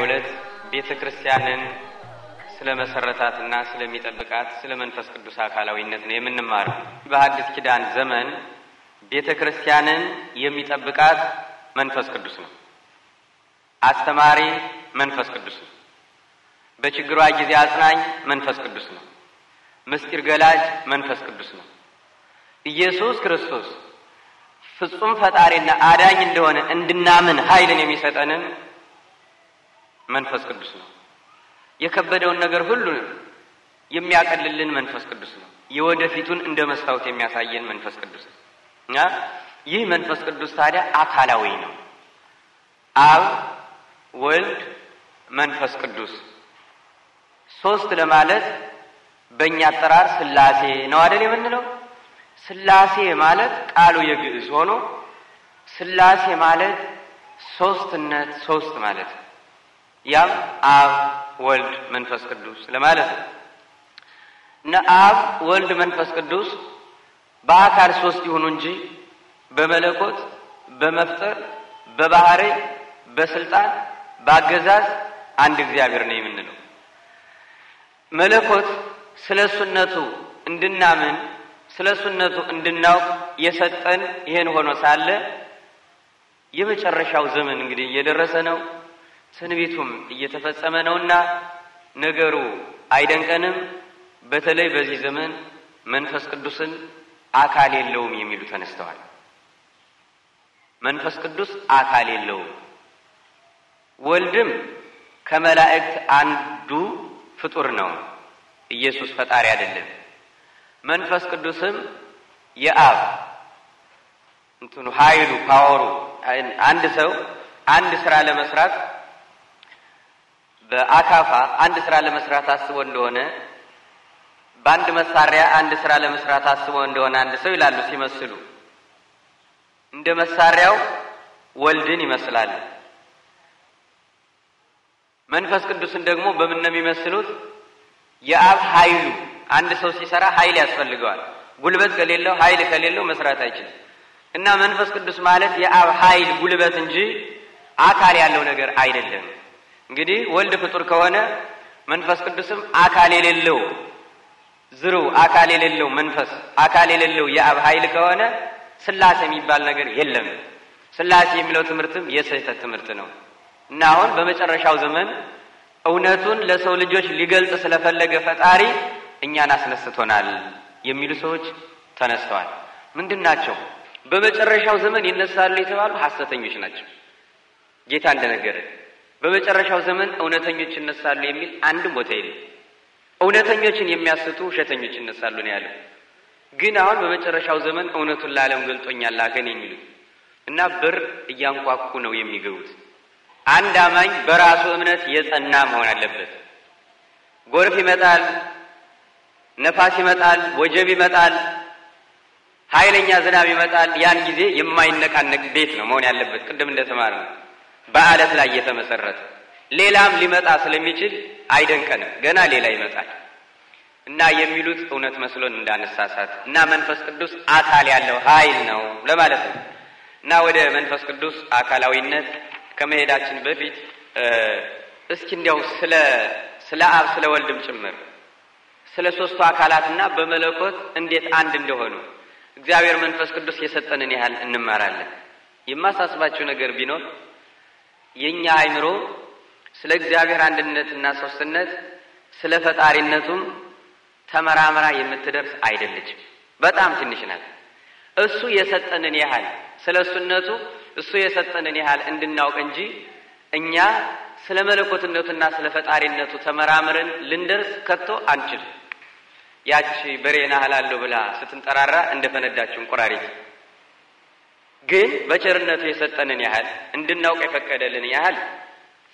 በዛሬው ዕለት ቤተ ክርስቲያንን ስለ መሰረታትና ስለሚጠብቃት ስለ መንፈስ ቅዱስ አካላዊነት ነው የምንማረው። በሐዲስ ኪዳን ዘመን ቤተ ክርስቲያንን የሚጠብቃት መንፈስ ቅዱስ ነው። አስተማሪ መንፈስ ቅዱስ ነው። በችግሯ ጊዜ አጽናኝ መንፈስ ቅዱስ ነው። ምስጢር ገላጅ መንፈስ ቅዱስ ነው። ኢየሱስ ክርስቶስ ፍጹም ፈጣሪና አዳኝ እንደሆነ እንድናምን ኃይልን የሚሰጠንን መንፈስ ቅዱስ ነው። የከበደውን ነገር ሁሉ የሚያቀልልን መንፈስ ቅዱስ ነው። የወደፊቱን እንደ መስታወት የሚያሳየን መንፈስ ቅዱስ ነው እና ይህ መንፈስ ቅዱስ ታዲያ አካላዊ ነው። አብ፣ ወልድ፣ መንፈስ ቅዱስ ሶስት ለማለት በእኛ አጠራር ስላሴ ነው አደል የምንለው። ስላሴ ማለት ቃሉ የግዕዝ ሆኖ ስላሴ ማለት ሶስትነት ሶስት ማለት ነው። ያም አብ ወልድ መንፈስ ቅዱስ ለማለት ነው እና አብ ወልድ መንፈስ ቅዱስ በአካል ሶስት ይሁኑ እንጂ በመለኮት በመፍጠር በባህሪ በስልጣን በአገዛዝ አንድ እግዚአብሔር ነው የምንለው። መለኮት ስለ ሱነቱ እንድናምን ስለ ሱነቱ እንድናውቅ የሰጠን ይሄን ሆኖ ሳለ የመጨረሻው ዘመን እንግዲህ እየደረሰ ነው። ትንቢቱም እየተፈጸመ ነውና ነገሩ አይደንቀንም። በተለይ በዚህ ዘመን መንፈስ ቅዱስን አካል የለውም የሚሉ ተነስተዋል። መንፈስ ቅዱስ አካል የለውም። ወልድም ከመላእክት አንዱ ፍጡር ነው። ኢየሱስ ፈጣሪ አይደለም። መንፈስ ቅዱስም የአብ እንትኑ ኃይሉ ፓወሩ አንድ ሰው አንድ ስራ ለመስራት በአካፋ አንድ ስራ ለመስራት አስቦ እንደሆነ በአንድ መሳሪያ አንድ ስራ ለመስራት አስቦ እንደሆነ አንድ ሰው ይላሉ ሲመስሉ እንደ መሳሪያው ወልድን ይመስላሉ። መንፈስ ቅዱስን ደግሞ በምን ነው የሚመስሉት? የአብ ኃይሉ አንድ ሰው ሲሰራ ኃይል ያስፈልገዋል። ጉልበት ከሌለው ኃይል ከሌለው መስራት አይችልም። እና መንፈስ ቅዱስ ማለት የአብ ኃይል ጉልበት እንጂ አካል ያለው ነገር አይደለም። እንግዲህ ወልድ ፍጡር ከሆነ መንፈስ ቅዱስም አካል የሌለው ዝሩ አካል የሌለው መንፈስ አካል የሌለው የአብ ኃይል ከሆነ ስላሴ የሚባል ነገር የለም። ስላሴ የሚለው ትምህርትም የስህተት ትምህርት ነው እና አሁን በመጨረሻው ዘመን እውነቱን ለሰው ልጆች ሊገልጽ ስለፈለገ ፈጣሪ እኛን አስነስቶናል የሚሉ ሰዎች ተነስተዋል። ምንድን ናቸው? በመጨረሻው ዘመን ይነሳሉ የተባሉ ሐሰተኞች ናቸው። ጌታ እንደነገረ በመጨረሻው ዘመን እውነተኞች ይነሳሉ የሚል አንድም ቦታ የለም። እውነተኞችን የሚያስቱ ውሸተኞች ይነሳሉ ነው ያለው። ግን አሁን በመጨረሻው ዘመን እውነቱን ለዓለም ገልጦኛል አገን የሚሉት እና በር እያንኳኩ ነው የሚገቡት። አንድ አማኝ በራሱ እምነት የጸና መሆን አለበት። ጎርፍ ይመጣል፣ ነፋስ ይመጣል፣ ወጀብ ይመጣል፣ ኃይለኛ ዝናብ ይመጣል። ያን ጊዜ የማይነቃነቅ ቤት ነው መሆን ያለበት። ቅድም እንደተማር ነው በአለት ላይ የተመሰረተ ሌላም ሊመጣ ስለሚችል አይደንቀንም። ገና ሌላ ይመጣል እና የሚሉት እውነት መስሎን እንዳነሳሳት እና መንፈስ ቅዱስ አካል ያለው ኃይል ነው ለማለት ነው እና ወደ መንፈስ ቅዱስ አካላዊነት ከመሄዳችን በፊት እስኪ እንዲያው ስለ ስለ አብ ስለ ወልድም ጭምር ስለ ሶስቱ አካላትና በመለኮት እንዴት አንድ እንደሆኑ እግዚአብሔር መንፈስ ቅዱስ የሰጠንን ያህል እንማራለን። የማሳስባችሁ ነገር ቢኖር የእኛ አይምሮ ስለ እግዚአብሔር አንድነትና ሶስትነት ስለ ፈጣሪነቱም ተመራምራ የምትደርስ አይደለችም። በጣም ትንሽ ናት። እሱ የሰጠንን ያህል ስለ እሱነቱ እሱ የሰጠንን ያህል እንድናውቅ እንጂ እኛ ስለ መለኮትነቱና ስለ ፈጣሪነቱ ተመራምረን ልንደርስ ከቶ አንችልም። ያቺ በሬ ናህላለሁ ብላ ስትንጠራራ እንደፈነዳችው እንቁራሪት ግን በቸርነቱ የሰጠንን ያህል እንድናውቅ የፈቀደልን ያህል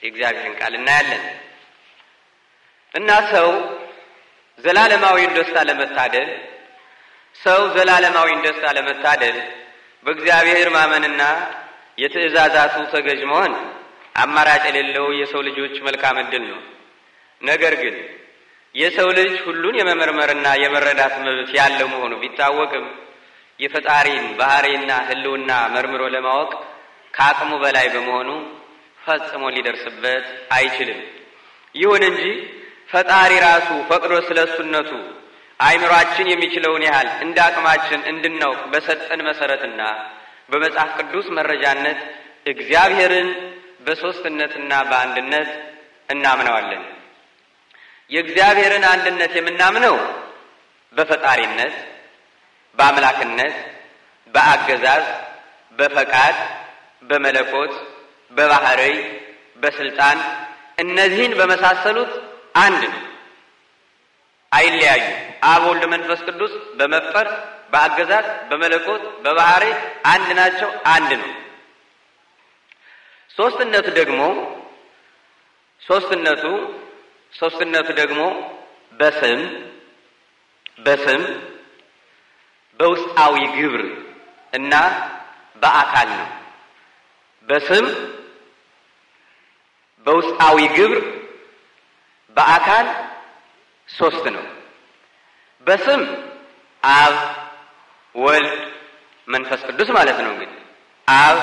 የእግዚአብሔርን ቃል እናያለን እና ሰው ዘላለማዊን ደስታ ለመታደል ሰው ዘላለማዊን ደስታ ለመታደል በእግዚአብሔር ማመንና የትእዛዛቱ ተገዥ መሆን አማራጭ የሌለው የሰው ልጆች መልካም እድል ነው። ነገር ግን የሰው ልጅ ሁሉን የመመርመርና የመረዳት መብት ያለው መሆኑ ቢታወቅም የፈጣሪን ባህሪና ህልውና መርምሮ ለማወቅ ከአቅሙ በላይ በመሆኑ ፈጽሞ ሊደርስበት አይችልም። ይሁን እንጂ ፈጣሪ ራሱ ፈቅዶ ስለ እሱነቱ አይምሯችን የሚችለውን ያህል እንደ አቅማችን እንድናውቅ በሰጠን መሰረትና በመጽሐፍ ቅዱስ መረጃነት እግዚአብሔርን በሦስትነትና በአንድነት እናምነዋለን። የእግዚአብሔርን አንድነት የምናምነው በፈጣሪነት በአምላክነት፣ በአገዛዝ፣ በፈቃድ፣ በመለኮት፣ በባህርይ፣ በስልጣን እነዚህን በመሳሰሉት አንድ ነው፣ አይለያዩ። አብ ወልድ፣ መንፈስ ቅዱስ በመፈር በአገዛዝ፣ በመለኮት፣ በባህሪ አንድ ናቸው፣ አንድ ነው። ሶስትነቱ ደግሞ ሶስትነቱ ሶስትነቱ ደግሞ በስም በስም በውስጣዊ ግብር እና በአካል ነው። በስም በውስጣዊ ግብር በአካል ሶስት ነው። በስም አብ፣ ወልድ፣ መንፈስ ቅዱስ ማለት ነው። እንግዲህ አብ፣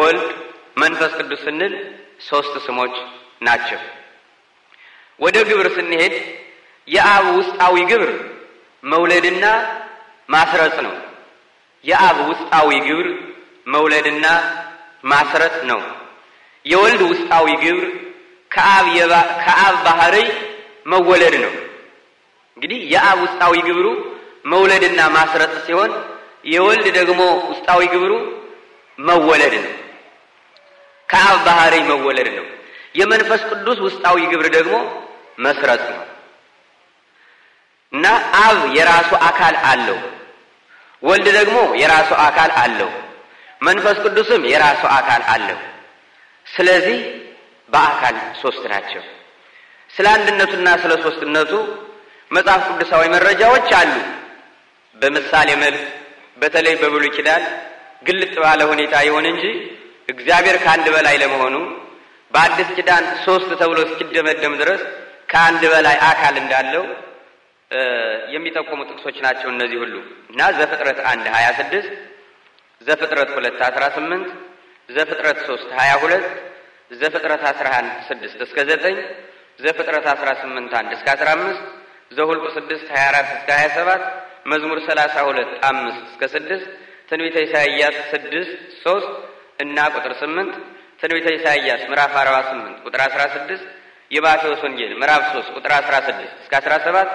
ወልድ፣ መንፈስ ቅዱስ ስንል ሶስት ስሞች ናቸው። ወደ ግብር ስንሄድ የአብ ውስጣዊ ግብር መውለድና ማስረጽ ነው። የአብ ውስጣዊ ግብር መውለድና ማስረጽ ነው። የወልድ ውስጣዊ ግብር ከአብ ባህርይ መወለድ ነው። እንግዲህ የአብ ውስጣዊ ግብሩ መውለድና ማስረጽ ሲሆን የወልድ ደግሞ ውስጣዊ ግብሩ መወለድ ነው። ከአብ ባህርይ መወለድ ነው። የመንፈስ ቅዱስ ውስጣዊ ግብር ደግሞ መስረጽ ነው እና አብ የራሱ አካል አለው። ወልድ ደግሞ የራሱ አካል አለው። መንፈስ ቅዱስም የራሱ አካል አለው። ስለዚህ በአካል ሶስት ናቸው። ስለ አንድነቱና ስለ ሶስትነቱ መጽሐፍ ቅዱሳዊ መረጃዎች አሉ። በምሳሌ መልክ በተለይ በብሉይ ኪዳን ግልጥ ባለ ሁኔታ ይሆን እንጂ እግዚአብሔር ከአንድ በላይ ለመሆኑ በአዲስ ኪዳን ሶስት ተብሎ እስኪደመደም ድረስ ከአንድ በላይ አካል እንዳለው የሚጠቁሙ ጥቅሶች ናቸው እነዚህ ሁሉ እና ዘፍጥረት አንድ ሀያ ስድስት ዘፍጥረት ሁለት አስራ ስምንት ዘፍጥረት ሶስት ሀያ ሁለት ዘፍጥረት አስራ አንድ ስድስት እስከ ዘጠኝ ዘፍጥረት አስራ ስምንት አንድ እስከ አስራ አምስት ዘሁልቁ ስድስት ሀያ አራት እስከ ሀያ ሰባት መዝሙር ሰላሳ ሁለት አምስት እስከ ስድስት ትንቢተ ኢሳይያስ ስድስት ሶስት እና ቁጥር ስምንት ትንቢተ ኢሳይያስ ምዕራፍ አርባ ስምንት ቁጥር አስራ ስድስት የማቴዎስ ወንጌል ምዕራፍ ሶስት ቁጥር አስራ ስድስት እስከ አስራ ሰባት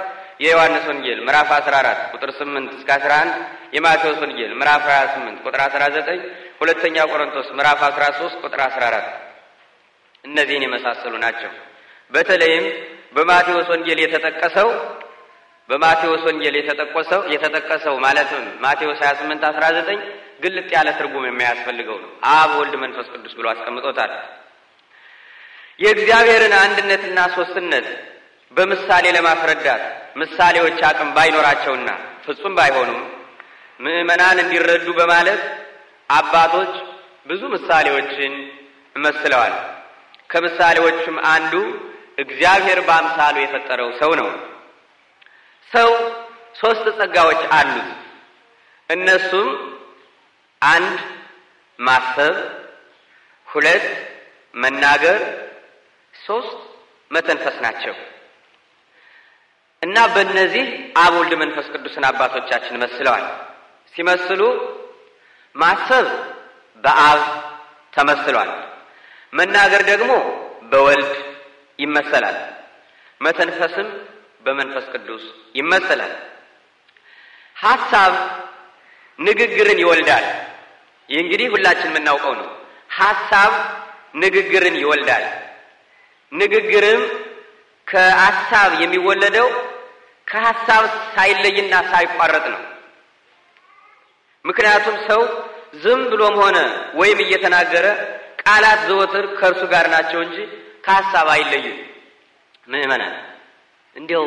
የዮሐንስ ወንጌል ምዕራፍ 14 ቁጥር 8 እስከ 11፣ የማቴዎስ ወንጌል ምዕራፍ 28 ቁጥር 19፣ ሁለተኛ ቆሮንቶስ ምዕራፍ 13 ቁጥር 14 እነዚህን የመሳሰሉ ናቸው። በተለይም በማቴዎስ ወንጌል የተጠቀሰው በማቴዎስ ወንጌል የተጠቀሰው የተጠቀሰው ማለትም ማቴዎስ 28 19 ግልጥ ያለ ትርጉም የሚያስፈልገው ነው። አብ ወልድ፣ መንፈስ ቅዱስ ብሎ አስቀምጦታል። የእግዚአብሔርን አንድነትና ሶስትነት በምሳሌ ለማስረዳት ምሳሌዎች አቅም ባይኖራቸውና ፍጹም ባይሆኑም ምእመናን እንዲረዱ በማለት አባቶች ብዙ ምሳሌዎችን እመስለዋል። ከምሳሌዎቹም አንዱ እግዚአብሔር በአምሳሉ የፈጠረው ሰው ነው። ሰው ሶስት ጸጋዎች አሉት። እነሱም አንድ ማሰብ፣ ሁለት መናገር፣ ሶስት መተንፈስ ናቸው። እና በእነዚህ አብ ወልድ መንፈስ ቅዱስን አባቶቻችን መስለዋል። ሲመስሉ ማሰብ በአብ ተመስሏል። መናገር ደግሞ በወልድ ይመሰላል። መተንፈስም በመንፈስ ቅዱስ ይመሰላል። ሀሳብ ንግግርን ይወልዳል። ይህ እንግዲህ ሁላችን የምናውቀው ነው። ሀሳብ ንግግርን ይወልዳል። ንግግርም ከአሳብ የሚወለደው ከሐሳብ ሳይለይና ሳይቋረጥ ነው። ምክንያቱም ሰው ዝም ብሎም ሆነ ወይም እየተናገረ ቃላት ዘወትር ከእርሱ ጋር ናቸው እንጂ ከሐሳብ አይለዩም። ምእመናን እንዲያው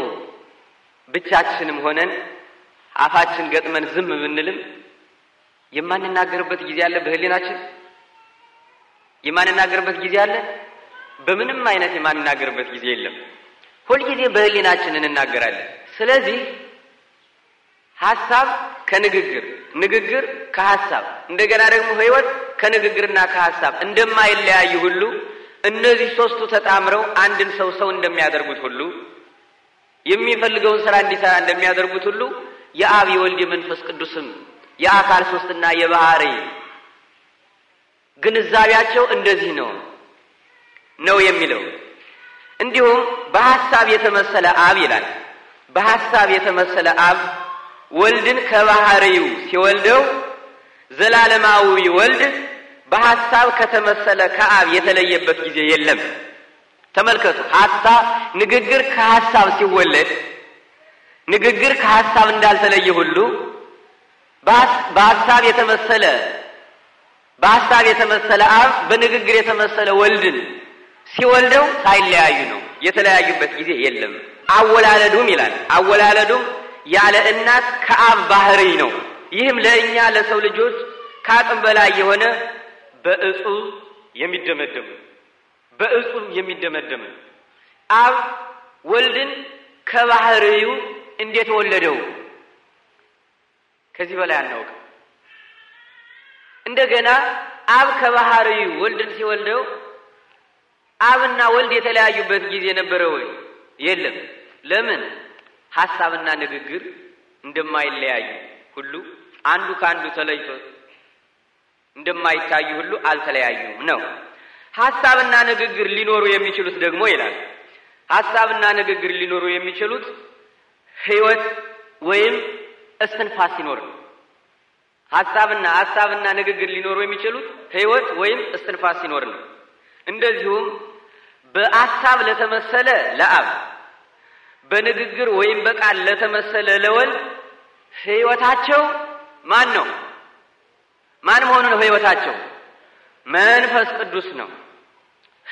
ብቻችንም ሆነን አፋችን ገጥመን ዝም ብንልም የማንናገርበት ጊዜ አለ። በህሊናችን የማንናገርበት ጊዜ አለ። በምንም አይነት የማንናገርበት ጊዜ የለም። ሁልጊዜ በህሊናችን እንናገራለን። ስለዚህ ሀሳብ ከንግግር ንግግር ከሀሳብ እንደገና ደግሞ ህይወት ከንግግርና ከሀሳብ እንደማይለያዩ ሁሉ እነዚህ ሶስቱ ተጣምረው አንድን ሰው ሰው እንደሚያደርጉት ሁሉ የሚፈልገውን ስራ እንዲሰራ እንደሚያደርጉት ሁሉ የአብ የወልድ የመንፈስ ቅዱስም የአካል ሶስትና የባህሪ ግንዛቤያቸው እንደዚህ ነው ነው የሚለው። እንዲሁም በሀሳብ የተመሰለ አብ ይላል በሐሳብ የተመሰለ አብ ወልድን ከባህሪው ሲወልደው ዘላለማዊ ወልድ በሐሳብ ከተመሰለ ከአብ የተለየበት ጊዜ የለም። ተመልከቱ። ሐሳብ ንግግር ከሐሳብ ሲወለድ ንግግር ከሐሳብ እንዳልተለየ ሁሉ በሐሳብ የተመሰለ በሐሳብ የተመሰለ አብ በንግግር የተመሰለ ወልድን ሲወልደው ሳይለያዩ ነው። የተለያዩበት ጊዜ የለም። አወላለዱም ይላል አወላለዱም ያለ እናት ከአብ ባህሪ ነው። ይህም ለእኛ ለሰው ልጆች ከአቅም በላይ የሆነ በእጹብ የሚደመደም በእጹብ የሚደመደም አብ ወልድን ከባህሪዩ እንዴት ወለደው? ከዚህ በላይ አናውቅም። እንደገና አብ ከባህሪው ወልድን ሲወልደው አብና ወልድ የተለያዩበት ጊዜ ነበረ ወይ? የለም። ለምን? ሀሳብና ንግግር እንደማይለያዩ ሁሉ አንዱ ከአንዱ ተለይቶ እንደማይታዩ ሁሉ አልተለያዩም ነው። ሀሳብና ንግግር ሊኖሩ የሚችሉት ደግሞ ይላል ሀሳብና ንግግር ሊኖሩ የሚችሉት ህይወት ወይም እስትንፋስ ሲኖር ነው። ሀሳብና ሀሳብና ንግግር ሊኖሩ የሚችሉት ህይወት ወይም እስትንፋስ ሲኖር ነው። እንደዚሁም በአሳብ ለተመሰለ ለአብ በንግግር ወይም በቃል ለተመሰለ ለወልድ ህይወታቸው ማን ነው? ማን መሆኑ ነው? ህይወታቸው መንፈስ ቅዱስ ነው።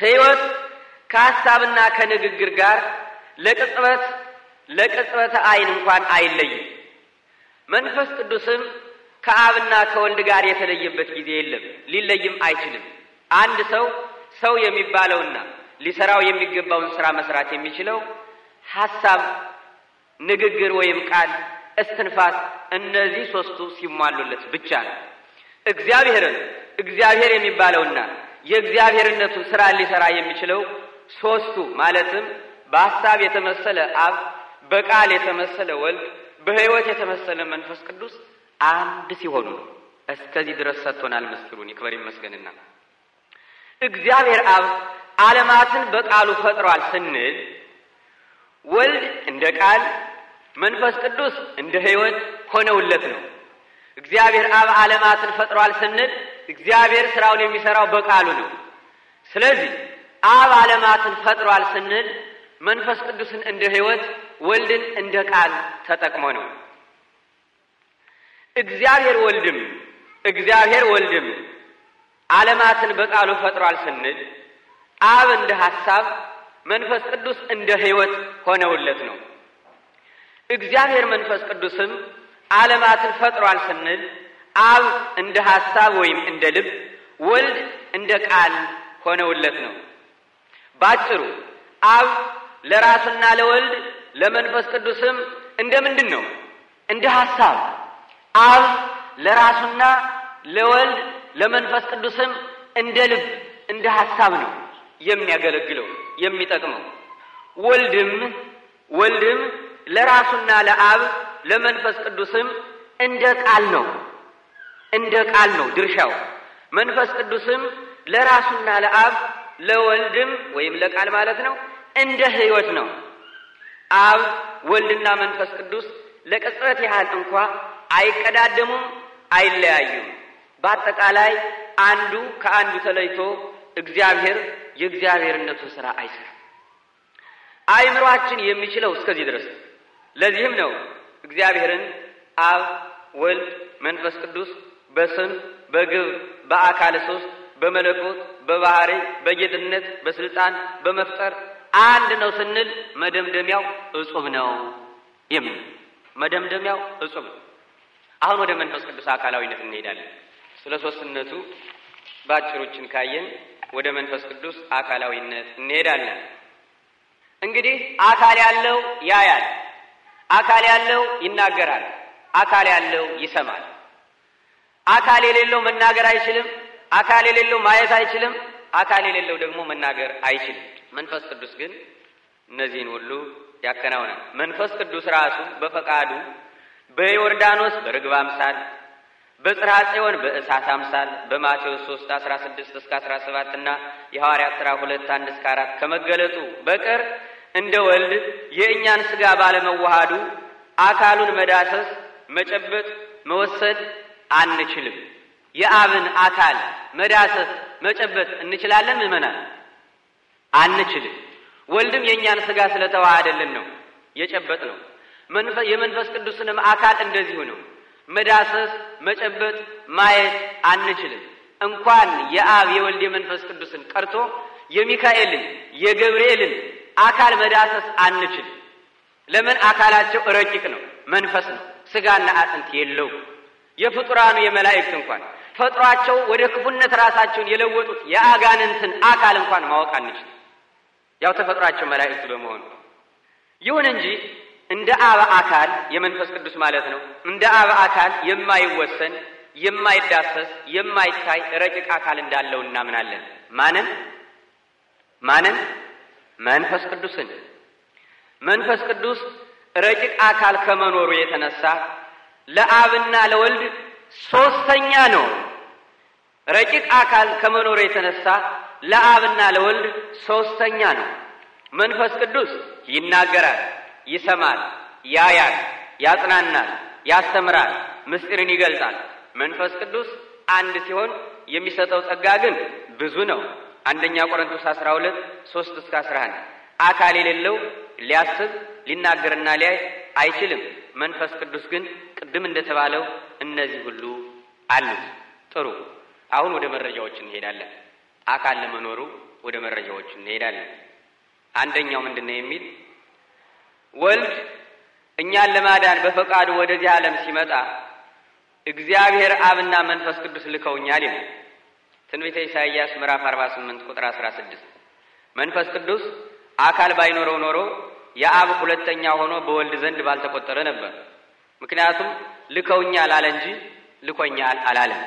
ህይወት ከሀሳብና ከንግግር ጋር ለቅጽበት ለቅጽበተ አይን እንኳን አይለይም። መንፈስ ቅዱስም ከአብና ከወልድ ጋር የተለየበት ጊዜ የለም፣ ሊለይም አይችልም። አንድ ሰው ሰው የሚባለውና ሊሰራው የሚገባውን ስራ መስራት የሚችለው ሀሳብ፣ ንግግር ወይም ቃል፣ እስትንፋስ እነዚህ ሶስቱ ሲሟሉለት ብቻ ነው። እግዚአብሔርን እግዚአብሔር የሚባለውና የእግዚአብሔርነቱን ስራ ሊሰራ የሚችለው ሶስቱ ማለትም በሀሳብ የተመሰለ አብ፣ በቃል የተመሰለ ወልድ፣ በህይወት የተመሰለ መንፈስ ቅዱስ አንድ ሲሆኑ ነው። እስከዚህ ድረስ ሰጥቶናል። ምስክሩን ይክበር ይመስገንና እግዚአብሔር አብ ዓለማትን በቃሉ ፈጥሯል ስንል ወልድ እንደ ቃል፣ መንፈስ ቅዱስ እንደ ሕይወት ሆነውለት ነው። እግዚአብሔር አብ ዓለማትን ፈጥሯል ስንል እግዚአብሔር ስራውን የሚሰራው በቃሉ ነው። ስለዚህ አብ ዓለማትን ፈጥሯል ስንል መንፈስ ቅዱስን እንደ ሕይወት፣ ወልድን እንደ ቃል ተጠቅሞ ነው። እግዚአብሔር ወልድም እግዚአብሔር ወልድም ዓለማትን በቃሉ ፈጥሯል ስንል አብ እንደ ሐሳብ መንፈስ ቅዱስ እንደ ሕይወት ሆነውለት ነው። እግዚአብሔር መንፈስ ቅዱስም ዓለማትን ፈጥሯል ስንል አብ እንደ ሐሳብ ወይም እንደ ልብ፣ ወልድ እንደ ቃል ሆነውለት ነው። ባጭሩ አብ ለራሱና ለወልድ ለመንፈስ ቅዱስም እንደ ምንድን ነው? እንደ ሐሳብ አብ ለራሱና ለወልድ ለመንፈስ ቅዱስም እንደ ልብ እንደ ሐሳብ ነው የሚያገለግለው የሚጠቅመው። ወልድም ወልድም ለራሱና ለአብ ለመንፈስ ቅዱስም እንደ ቃል ነው እንደ ቃል ነው ድርሻው። መንፈስ ቅዱስም ለራሱና ለአብ ለወልድም ወይም ለቃል ማለት ነው እንደ ህይወት ነው። አብ ወልድና መንፈስ ቅዱስ ለቅጽበት ያህል እንኳ አይቀዳደሙም፣ አይለያዩም። በአጠቃላይ አንዱ ከአንዱ ተለይቶ እግዚአብሔር የእግዚአብሔርነቱ ስራ አይሰራም። አይምሯችን የሚችለው እስከዚህ ድረስ። ለዚህም ነው እግዚአብሔርን አብ፣ ወልድ፣ መንፈስ ቅዱስ በስም በግብ በአካል ሶስት በመለኮት በባህሪ በጌትነት በስልጣን በመፍጠር አንድ ነው ስንል መደምደሚያው እጹብ ነው የሚል መደምደሚያው እጹብ ነው። አሁን ወደ መንፈስ ቅዱስ አካላዊነት እንሄዳለን። ስለ ሶስትነቱ ባጭሮችን ካየን ወደ መንፈስ ቅዱስ አካላዊነት እንሄዳለን። እንግዲህ አካል ያለው ያያል፣ አካል ያለው ይናገራል፣ አካል ያለው ይሰማል። አካል የሌለው መናገር አይችልም። አካል የሌለው ማየት አይችልም። አካል የሌለው ደግሞ መናገር አይችልም። መንፈስ ቅዱስ ግን እነዚህን ሁሉ ያከናውናል። መንፈስ ቅዱስ ራሱ በፈቃዱ በዮርዳኖስ በርግብ አምሳል በጽርሐ ጽዮን በእሳት አምሳል በማቴዎስ 3 16 እስከ 17 እና የሐዋርያት ሥራ 2 1 እስከ 4 ከመገለጡ በቀር እንደ ወልድ የእኛን ሥጋ ባለመዋሃዱ አካሉን መዳሰስ፣ መጨበጥ፣ መወሰድ አንችልም። የአብን አካል መዳሰስ፣ መጨበጥ እንችላለን ምዕመናን? አንችልም። ወልድም የእኛን ሥጋ ስለተዋሃደልን ነው የጨበጥ ነው። የመንፈስ ቅዱስንም አካል እንደዚሁ ነው መዳሰስ፣ መጨበጥ፣ ማየት አንችልም። እንኳን የአብ የወልድ የመንፈስ ቅዱስን ቀርቶ የሚካኤልን የገብርኤልን አካል መዳሰስ አንችልም። ለምን? አካላቸው ረቂቅ ነው፣ መንፈስ ነው፣ ስጋና አጥንት የለው። የፍጡራኑ የመላእክት እንኳን ፈጥሯቸው ወደ ክፉነት ራሳቸውን የለወጡት የአጋንንትን አካል እንኳን ማወቅ አንችልም፣ ያው ተፈጥሯቸው መላእክት በመሆኑ ይሁን እንጂ እንደ አብ አካል የመንፈስ ቅዱስ ማለት ነው። እንደ አብ አካል የማይወሰን የማይዳሰስ የማይታይ ረቂቅ አካል እንዳለው እናምናለን። ማንን ማንን? መንፈስ ቅዱስን። መንፈስ ቅዱስ ረቂቅ አካል ከመኖሩ የተነሳ ለአብና ለወልድ ሶስተኛ ነው። ረቂቅ አካል ከመኖሩ የተነሳ ለአብና ለወልድ ሶስተኛ ነው። መንፈስ ቅዱስ ይናገራል ይሰማል፣ ያያል፣ ያጽናናል፣ ያስተምራል፣ ምስጢርን ይገልጻል። መንፈስ ቅዱስ አንድ ሲሆን የሚሰጠው ጸጋ ግን ብዙ ነው። አንደኛ ቆሮንቶስ 12 3 እስከ 11 አካል የሌለው ሊያስብ ሊናገርና ሊያይ አይችልም። መንፈስ ቅዱስ ግን ቅድም እንደተባለው እነዚህ ሁሉ አሉት። ጥሩ፣ አሁን ወደ መረጃዎች እንሄዳለን። አካል ለመኖሩ ወደ መረጃዎች እንሄዳለን። አንደኛው ምንድን ነው የሚል ወልድ እኛን ለማዳን በፈቃዱ ወደዚህ ዓለም ሲመጣ እግዚአብሔር አብና መንፈስ ቅዱስ ልከውኛል ይላል ትንቢተ ኢሳይያስ ምዕራፍ 48 ቁጥር 16። መንፈስ ቅዱስ አካል ባይኖረው ኖሮ የአብ ሁለተኛ ሆኖ በወልድ ዘንድ ባልተቆጠረ ነበር። ምክንያቱም ልከውኛል አለ እንጂ ልኮኛል አላለም።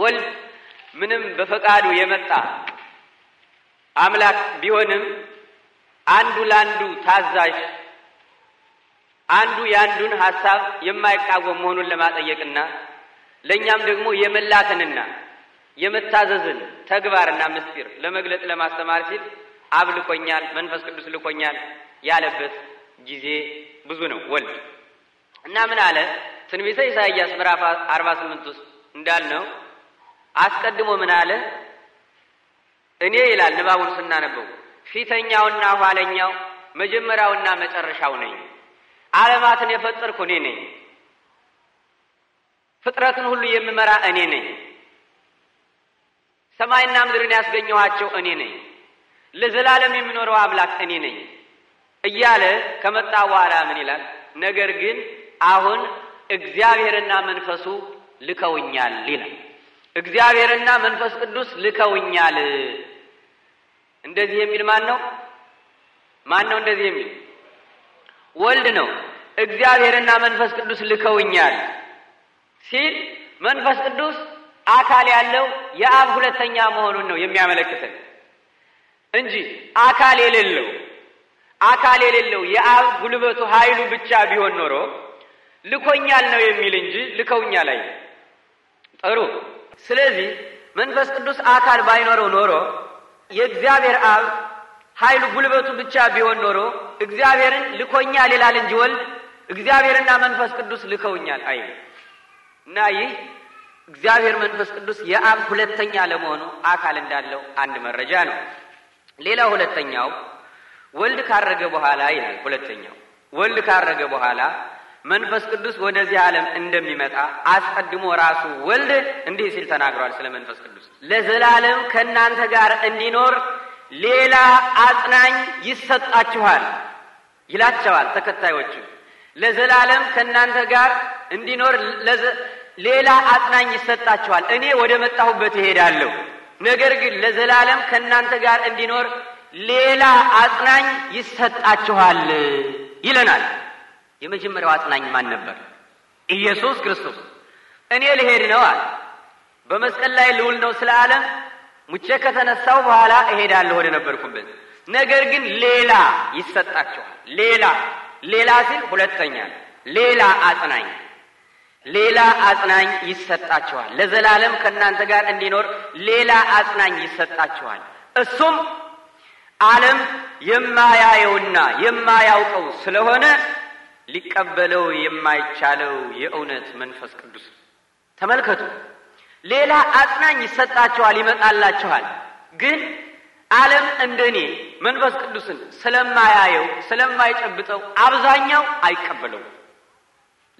ወልድ ምንም በፈቃዱ የመጣ አምላክ ቢሆንም አንዱ ለአንዱ ታዛዥ፣ አንዱ የአንዱን ሀሳብ የማይቃወም መሆኑን ለማጠየቅና ለእኛም ደግሞ የመላትንና የመታዘዝን ተግባርና ምስጢር ለመግለጽ ለማስተማር ሲል አብ ልኮኛል፣ መንፈስ ቅዱስ ልኮኛል ያለበት ጊዜ ብዙ ነው። ወልድ እና ምን አለ? ትንቢተ ኢሳይያስ ምዕራፍ አርባ ስምንት ውስጥ እንዳልነው አስቀድሞ ምን አለ? እኔ ይላል ንባቡን ስናነበው ፊተኛውና ኋለኛው መጀመሪያውና መጨረሻው ነኝ። ዓለማትን የፈጠርኩ እኔ ነኝ። ፍጥረትን ሁሉ የምመራ እኔ ነኝ። ሰማይና ምድርን ያስገኘኋቸው እኔ ነኝ። ለዘላለም የሚኖረው አምላክ እኔ ነኝ እያለ ከመጣ በኋላ ምን ይላል? ነገር ግን አሁን እግዚአብሔርና መንፈሱ ልከውኛል ይላል። እግዚአብሔርና መንፈስ ቅዱስ ልከውኛል እንደዚህ የሚል ማን ነው? ማን ነው እንደዚህ የሚል? ወልድ ነው። እግዚአብሔርና መንፈስ ቅዱስ ልከውኛል ሲል መንፈስ ቅዱስ አካል ያለው የአብ ሁለተኛ መሆኑን ነው የሚያመለክተን እንጂ አካል የሌለው አካል የሌለው የአብ ጉልበቱ ኃይሉ ብቻ ቢሆን ኖሮ ልኮኛል ነው የሚል እንጂ ልከውኛል ላይ ጥሩ። ስለዚህ መንፈስ ቅዱስ አካል ባይኖረው ኖሮ የእግዚአብሔር አብ ኃይሉ ጉልበቱ ብቻ ቢሆን ኖሮ እግዚአብሔርን ልኮኛል ይላል እንጂ ወልድ እግዚአብሔርና መንፈስ ቅዱስ ልከውኛል አይ እና ይህ እግዚአብሔር መንፈስ ቅዱስ የአብ ሁለተኛ ለመሆኑ አካል እንዳለው አንድ መረጃ ነው። ሌላ ሁለተኛው ወልድ ካረገ በኋላ ይላል። ሁለተኛው ወልድ ካረገ በኋላ መንፈስ ቅዱስ ወደዚህ ዓለም እንደሚመጣ አስቀድሞ ራሱ ወልድ እንዲህ ሲል ተናግሯል። ስለ መንፈስ ቅዱስ ለዘላለም ከእናንተ ጋር እንዲኖር ሌላ አጽናኝ ይሰጣችኋል ይላቸዋል። ተከታዮቹ ለዘላለም ከእናንተ ጋር እንዲኖር ሌላ አጽናኝ ይሰጣችኋል። እኔ ወደ መጣሁበት እሄዳለሁ፣ ነገር ግን ለዘላለም ከእናንተ ጋር እንዲኖር ሌላ አጽናኝ ይሰጣችኋል ይለናል። የመጀመሪያው አጽናኝ ማን ነበር? ኢየሱስ ክርስቶስ። እኔ ልሄድ ነው አለ። በመስቀል ላይ ልውል ነው ስለ ዓለም ሙቼ ከተነሳው በኋላ እሄዳለሁ ወደ ነበርኩበት። ነገር ግን ሌላ ይሰጣችኋል። ሌላ ሌላ ሲል ሁለተኛ ሌላ አጽናኝ ሌላ አጽናኝ ይሰጣችኋል። ለዘላለም ከእናንተ ጋር እንዲኖር ሌላ አጽናኝ ይሰጣችኋል። እሱም ዓለም የማያየውና የማያውቀው ስለሆነ ሊቀበለው የማይቻለው የእውነት መንፈስ ቅዱስ ተመልከቱ። ሌላ አጽናኝ ይሰጣቸዋል፣ ይመጣላችኋል። ግን ዓለም እንደኔ መንፈስ ቅዱስን ስለማያየው ስለማይጨብጠው አብዛኛው አይቀበለው።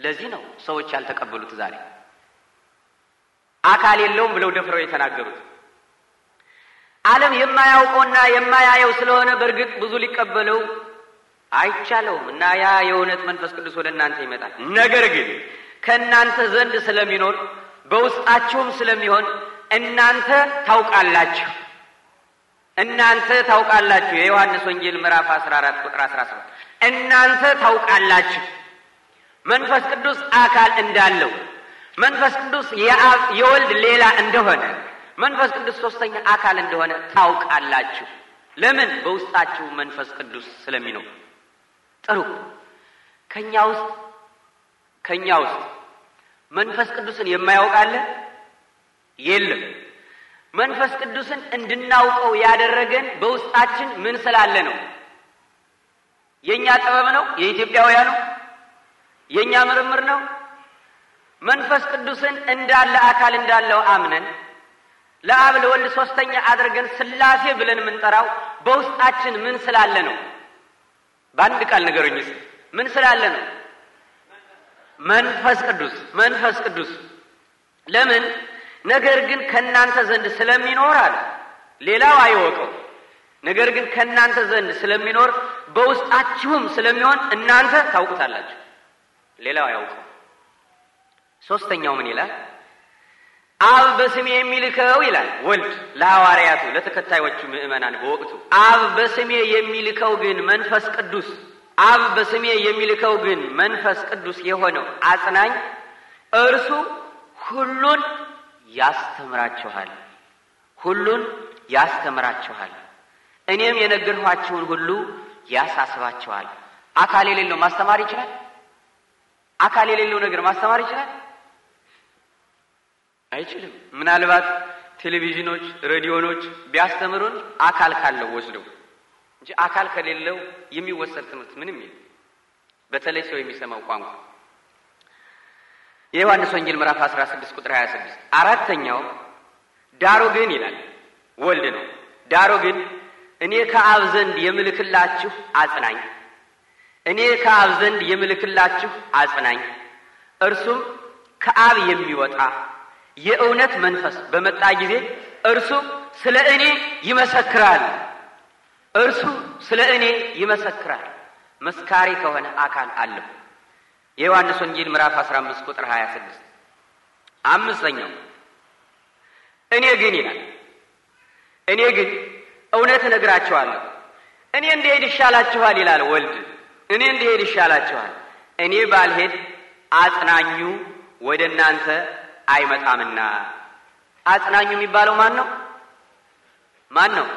ለዚህ ነው ሰዎች ያልተቀበሉት ዛሬ አካል የለውም ብለው ደፍረው የተናገሩት። ዓለም የማያውቀውና የማያየው ስለሆነ በእርግጥ ብዙ ሊቀበለው አይቻለውም እና ያ የእውነት መንፈስ ቅዱስ ወደ እናንተ ይመጣል። ነገር ግን ከእናንተ ዘንድ ስለሚኖር በውስጣችሁም ስለሚሆን እናንተ ታውቃላችሁ እናንተ ታውቃላችሁ። የዮሐንስ ወንጌል ምዕራፍ 14 ቁጥር 17 እናንተ ታውቃላችሁ መንፈስ ቅዱስ አካል እንዳለው መንፈስ ቅዱስ የአብ የወልድ ሌላ እንደሆነ መንፈስ ቅዱስ ሶስተኛ አካል እንደሆነ ታውቃላችሁ። ለምን? በውስጣችሁ መንፈስ ቅዱስ ስለሚኖር ጥሩ ከኛ ውስጥ ከኛ ውስጥ መንፈስ ቅዱስን የማያውቃለ? የለም። መንፈስ ቅዱስን እንድናውቀው ያደረገን በውስጣችን ምን ስላለ ነው? የእኛ ጥበብ ነው? የኢትዮጵያውያኑ የእኛ ምርምር ነው? መንፈስ ቅዱስን እንዳለ አካል እንዳለው አምነን ለአብ ለወልድ ሶስተኛ አድርገን ስላሴ ብለን የምንጠራው በውስጣችን ምን ስላለ ነው? በአንድ ቃል ንገሩኝ። ምን ስላለ ነው? መንፈስ ቅዱስ መንፈስ ቅዱስ ለምን? ነገር ግን ከእናንተ ዘንድ ስለሚኖር አለ። ሌላው አይወቀው። ነገር ግን ከእናንተ ዘንድ ስለሚኖር በውስጣችሁም ስለሚሆን እናንተ ታውቁታላችሁ። ሌላው አያውቀው። ሶስተኛው ምን ይላል? አብ በስሜ የሚልከው ይላል ወልድ ለሐዋርያቱ ለተከታዮቹ ምእመናን በወቅቱ። አብ በስሜ የሚልከው ግን መንፈስ ቅዱስ አብ በስሜ የሚልከው ግን መንፈስ ቅዱስ የሆነው አጽናኝ እርሱ ሁሉን ያስተምራችኋል፣ ሁሉን ያስተምራችኋል፣ እኔም የነገርኋችሁን ሁሉ ያሳስባችኋል። አካል የሌለው ማስተማር ይችላል? አካል የሌለው ነገር ማስተማር ይችላል? አይችልም። ምናልባት ቴሌቪዥኖች፣ ሬዲዮኖች ቢያስተምሩን አካል ካለው ወስደው እንጂ አካል ከሌለው የሚወሰድ ትምህርት ምንም የለም። በተለይ ሰው የሚሰማው ቋንቋ የዮሐንስ ወንጌል ምዕራፍ 16 ቁጥር 26 አራተኛው ዳሩ ግን ይላል ወልድ ነው። ዳሩ ግን እኔ ከአብ ዘንድ የምልክላችሁ አጽናኝ እኔ ከአብ ዘንድ የምልክላችሁ አጽናኝ እርሱም ከአብ የሚወጣ የእውነት መንፈስ በመጣ ጊዜ እርሱ ስለ እኔ ይመሰክራል። እርሱ ስለ እኔ ይመሰክራል። መስካሪ ከሆነ አካል አለው። የዮሐንስ ወንጌል ምዕራፍ 15 ቁጥር 26። አምስተኛው እኔ ግን ይላል እኔ ግን እውነት እነግራችኋለሁ እኔ እንደሄድ ይሻላችኋል ይላል ወልድ። እኔ እንደሄድ ይሻላችኋል። እኔ ባልሄድ አጽናኙ ወደ እናንተ አይመጣምና። አጽናኙ የሚባለው ማን ነው? ማን ነው?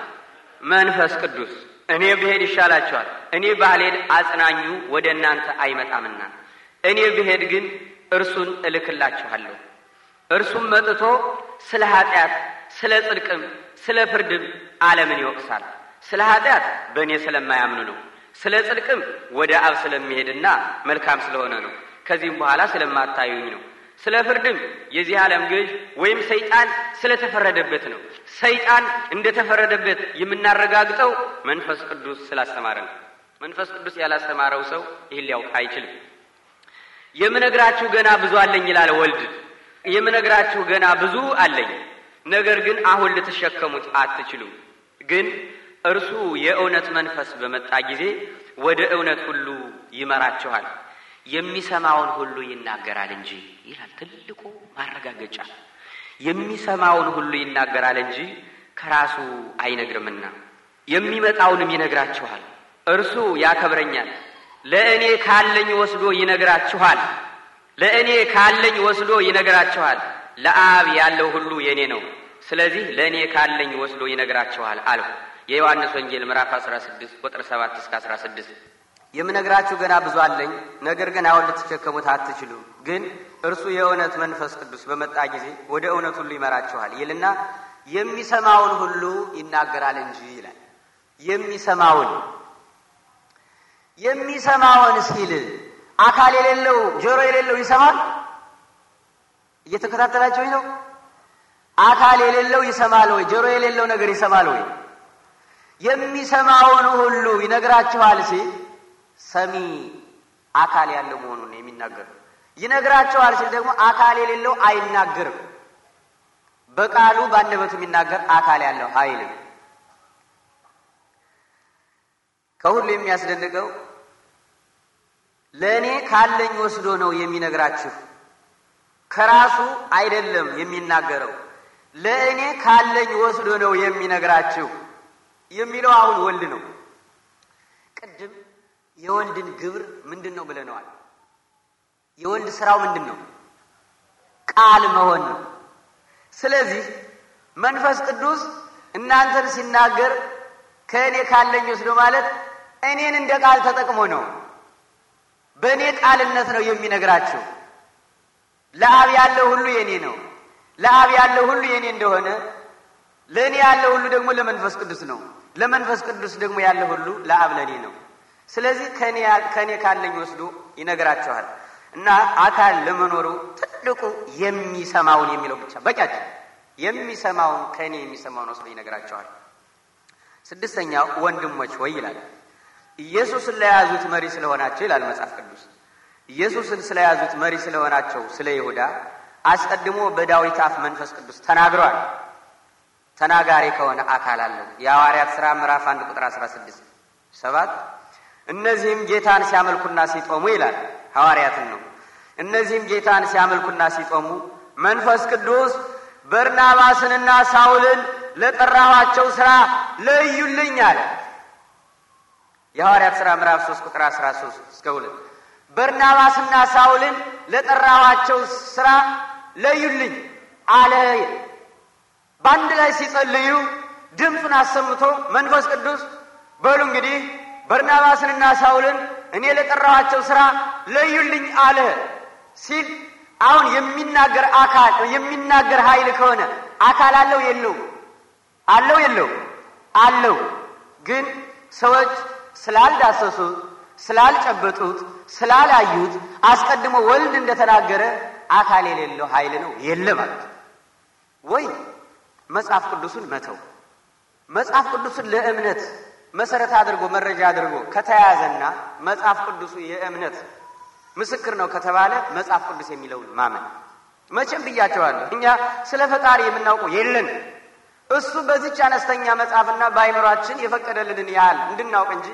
መንፈስ ቅዱስ። እኔ ብሄድ ይሻላቸዋል። እኔ ባልሄድ አጽናኙ ወደ እናንተ አይመጣምና፣ እኔ ብሄድ ግን እርሱን እልክላችኋለሁ። እርሱም መጥቶ ስለ ኃጢአት፣ ስለ ጽድቅም፣ ስለ ፍርድም ዓለምን ይወቅሳል። ስለ ኃጢአት በእኔ ስለማያምኑ ነው። ስለ ጽድቅም ወደ አብ ስለሚሄድና መልካም ስለሆነ ነው። ከዚህም በኋላ ስለማታዩኝ ነው። ስለ ፍርድም የዚህ ዓለም ገዥ ወይም ሰይጣን ስለተፈረደበት ነው። ሰይጣን እንደተፈረደበት የምናረጋግጠው መንፈስ ቅዱስ ስላስተማረ ነው። መንፈስ ቅዱስ ያላስተማረው ሰው ይህን ሊያውቅ አይችልም። የምነግራችሁ ገና ብዙ አለኝ ይላል ወልድ። የምነግራችሁ ገና ብዙ አለኝ፣ ነገር ግን አሁን ልትሸከሙት አትችሉም። ግን እርሱ የእውነት መንፈስ በመጣ ጊዜ ወደ እውነት ሁሉ ይመራችኋል የሚሰማውን ሁሉ ይናገራል እንጂ ይላል ትልቁ ማረጋገጫ። የሚሰማውን ሁሉ ይናገራል እንጂ ከራሱ አይነግርምና የሚመጣውንም ይነግራችኋል። እርሱ ያከብረኛል። ለእኔ ካለኝ ወስዶ ይነግራችኋል። ለእኔ ካለኝ ወስዶ ይነግራችኋል። ለአብ ያለው ሁሉ የእኔ ነው። ስለዚህ ለእኔ ካለኝ ወስዶ ይነግራችኋል አልሁ። የዮሐንስ ወንጌል ምዕራፍ 16 ቁጥር 7 እስከ 16 የምነግራችሁ ገና ብዙ አለኝ። ነገር ግን አሁን ልትሸከሙት አትችሉም። ግን እርሱ የእውነት መንፈስ ቅዱስ በመጣ ጊዜ ወደ እውነት ሁሉ ይመራችኋል ይልና የሚሰማውን ሁሉ ይናገራል እንጂ ይላል። የሚሰማውን የሚሰማውን ሲል አካል የሌለው ጆሮ የሌለው ይሰማል። እየተከታተላችሁኝ ነው? አካል የሌለው ይሰማል ወይ? ጆሮ የሌለው ነገር ይሰማል ወይ? የሚሰማውን ሁሉ ይነግራችኋል ሲል ሰሚ አካል ያለው መሆኑን ነው የሚናገር። ይነግራቸዋል ሲል ደግሞ አካል የሌለው አይናገርም። በቃሉ ባንደበቱ የሚናገር አካል ያለው ኃይል ከሁሉ የሚያስደንቀው ለእኔ ካለኝ ወስዶ ነው የሚነግራችሁ። ከራሱ አይደለም የሚናገረው፣ ለእኔ ካለኝ ወስዶ ነው የሚነግራችሁ የሚለው አሁን ወልድ ነው። ቅድም የወንድን ግብር ምንድን ነው ብለነዋል። የወንድ ስራው ምንድን ነው? ቃል መሆን ነው። ስለዚህ መንፈስ ቅዱስ እናንተን ሲናገር ከእኔ ካለኝ ወስዶ ማለት እኔን እንደ ቃል ተጠቅሞ ነው። በእኔ ቃልነት ነው የሚነግራቸው። ለአብ ያለው ሁሉ የእኔ ነው። ለአብ ያለው ሁሉ የእኔ እንደሆነ ለእኔ ያለው ሁሉ ደግሞ ለመንፈስ ቅዱስ ነው። ለመንፈስ ቅዱስ ደግሞ ያለው ሁሉ ለአብ ለእኔ ነው። ስለዚህ ከኔ ካለኝ ወስዶ ይነግራቸዋል። እና አካል ለመኖሩ ትልቁ የሚሰማውን የሚለው ብቻ በቂያቸው የሚሰማውን ከእኔ የሚሰማውን ወስዶ ይነግራቸዋል። ስድስተኛ ወንድሞች ወይ ይላል ኢየሱስን ለያዙት መሪ ስለሆናቸው ይላል መጽሐፍ ቅዱስ ኢየሱስን ስለያዙት መሪ ስለሆናቸው ስለ ይሁዳ አስቀድሞ በዳዊት አፍ መንፈስ ቅዱስ ተናግሯል። ተናጋሪ ከሆነ አካል አለው። የሐዋርያት ሥራ ምዕራፍ አንድ ቁጥር አስራ ስድስት ሰባት እነዚህም ጌታን ሲያመልኩና ሲጦሙ ይላል ሐዋርያትን ነው። እነዚህም ጌታን ሲያመልኩና ሲጦሙ መንፈስ ቅዱስ በርናባስንና ሳውልን ለጠራኋቸው ሥራ ለዩልኝ አለ። የሐዋርያት ሥራ ምዕራፍ 3 ቁጥር 13 እስከ 2 በርናባስና ሳውልን ለጠራኋቸው ሥራ ለዩልኝ አለ። በአንድ ላይ ሲጸልዩ ድምፁን አሰምቶ መንፈስ ቅዱስ በሉ እንግዲህ በርናባስንና ሳውልን እኔ ለጠራኋቸው ሥራ ለዩልኝ አለ ሲል አሁን የሚናገር አካል የሚናገር ኃይል ከሆነ አካል አለው የለው? አለው የለው? አለው። ግን ሰዎች ስላልዳሰሱት፣ ስላልጨበጡት፣ ስላላዩት አስቀድሞ ወልድ እንደተናገረ አካል የሌለው ኃይል ነው የለ ማለት ወይ መጽሐፍ ቅዱስን መተው መጽሐፍ ቅዱስን ለእምነት መሰረት አድርጎ መረጃ አድርጎ ከተያዘና መጽሐፍ ቅዱሱ የእምነት ምስክር ነው ከተባለ መጽሐፍ ቅዱስ የሚለውን ማመን መቼም ብያቸዋለሁ። እኛ ስለ ፈጣሪ የምናውቀው የለን። እሱ በዚች አነስተኛ መጽሐፍና በአይምሯችን የፈቀደልንን ያህል እንድናውቅ እንጂ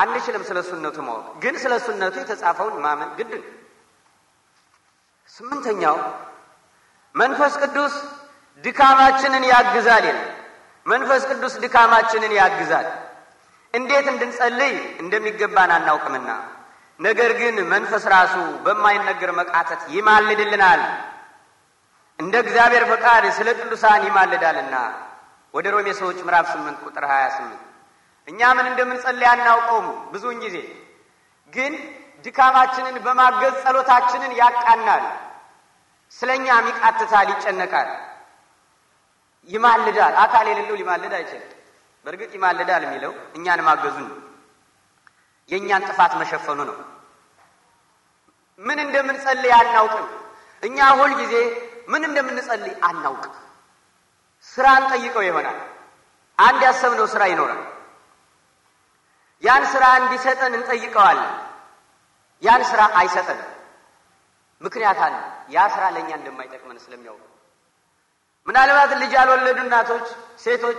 አንችልም። ስለ ሱነቱ ማወቅ ግን ስለ ሱነቱ የተጻፈውን ማመን ግድ ስምንተኛው መንፈስ ቅዱስ ድካማችንን ያግዛል ይላል። መንፈስ ቅዱስ ድካማችንን ያግዛል። እንዴት እንድንጸልይ እንደሚገባን አናውቅምና፣ ነገር ግን መንፈስ ራሱ በማይነገር መቃተት ይማልድልናል። እንደ እግዚአብሔር ፈቃድ ስለ ቅዱሳን ይማልዳልና ወደ ሮሜ ሰዎች ምዕራፍ 8 ቁጥር 28 እኛ ምን እንደምንጸልይ አናውቀውም ብዙውን ጊዜ ግን ድካማችንን በማገዝ ጸሎታችንን ያቃናል። ስለኛም ይቃትታል፣ ይጨነቃል። ይማልዳል። አካል የሌለው ሊማልድ አይችልም። በእርግጥ ይማልዳል የሚለው እኛን ማገዙ ነው፣ የእኛን ጥፋት መሸፈኑ ነው። ምን እንደምንጸልይ አናውቅም። እኛ ሁል ጊዜ ምን እንደምንጸልይ አናውቅም። ስራን ጠይቀው ይሆናል። አንድ ያሰብነው ስራ ይኖራል። ያን ስራ እንዲሰጠን እንጠይቀዋለን። ያን ስራ አይሰጠንም። ምክንያት አለ። ያ ስራ ለእኛ እንደማይጠቅመን ስለሚያውቅ ምናልባት ልጅ ያልወለዱ እናቶች፣ ሴቶች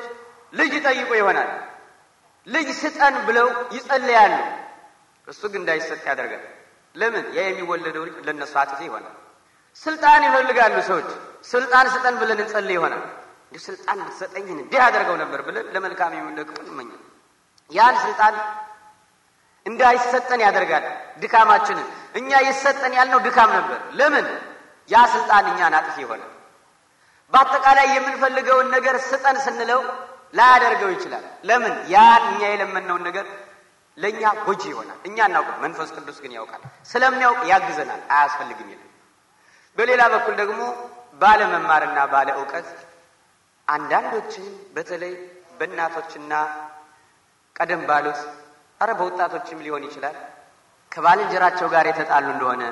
ልጅ ይጠይቁ ይሆናል። ልጅ ስጠን ብለው ይጸልያሉ። እሱ ግን እንዳይሰጥ ያደርጋል። ለምን? ያ የሚወለደው ልጅ ለእነሱ አጥፊ ይሆናል። ስልጣን ይፈልጋሉ ሰዎች። ስልጣን ስጠን ብለን እንጸልይ ይሆናል። እንዲሁ ስልጣን ብትሰጠኝን እንዲህ አደርገው ነበር ብለን ለመልካም የሚመለክሙ እንመኛል። ያን ስልጣን እንዳይሰጠን ያደርጋል። ድካማችንን እኛ ይሰጠን ያልነው ድካም ነበር። ለምን? ያ ስልጣን እኛን አጥፊ ይሆናል። በአጠቃላይ የምንፈልገውን ነገር ስጠን ስንለው ላያደርገው ይችላል። ለምን? ያን እኛ የለመንነውን ነገር ለእኛ ጎጂ ይሆናል። እኛ እናውቅም፣ መንፈስ ቅዱስ ግን ያውቃል። ስለሚያውቅ ያግዘናል፣ አያስፈልግም ይላል። በሌላ በኩል ደግሞ ባለመማርና ባለ እውቀት አንዳንዶችን በተለይ በእናቶችና ቀደም ባሉት አረ በወጣቶችም ሊሆን ይችላል ከባልንጀራቸው ጋር የተጣሉ እንደሆነ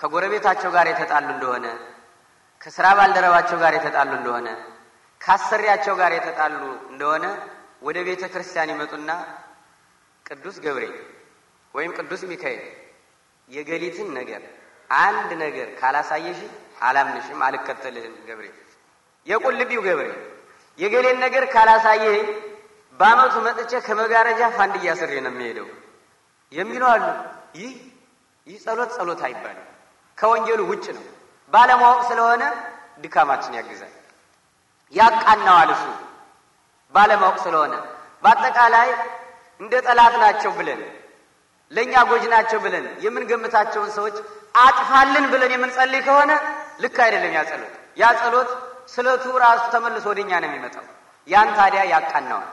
ከጎረቤታቸው ጋር የተጣሉ እንደሆነ ከስራ ባልደረባቸው ጋር የተጣሉ እንደሆነ ከአሰሪያቸው ጋር የተጣሉ እንደሆነ ወደ ቤተ ክርስቲያን ይመጡና ቅዱስ ገብርኤል ወይም ቅዱስ ሚካኤል የገሊትን ነገር አንድ ነገር ካላሳየሽ አላምንሽም፣ አልከተልህም። ገብርኤል የቁልቢው ገብርኤል የገሌን ነገር ካላሳየኝ በአመቱ መጥቼ ከመጋረጃ ፋንድያ ስሬ ነው የሚሄደው የሚሉ አሉ። ይህ ይህ ጸሎት ጸሎት አይባልም፣ ከወንጌሉ ውጭ ነው። ባለማወቅ ስለሆነ ድካማችን ያግዛል፣ ያቃናዋል። እሱ ባለማወቅ ስለሆነ በአጠቃላይ እንደ ጠላት ናቸው ብለን ለእኛ ጎጅ ናቸው ብለን የምንገምታቸውን ሰዎች አጥፋልን ብለን የምንጸልይ ከሆነ ልክ አይደለም። ያ ጸሎት ያ ጸሎት ስለቱ ራሱ ተመልሶ ወደ እኛ ነው የሚመጣው። ያን ታዲያ ያቃናዋል።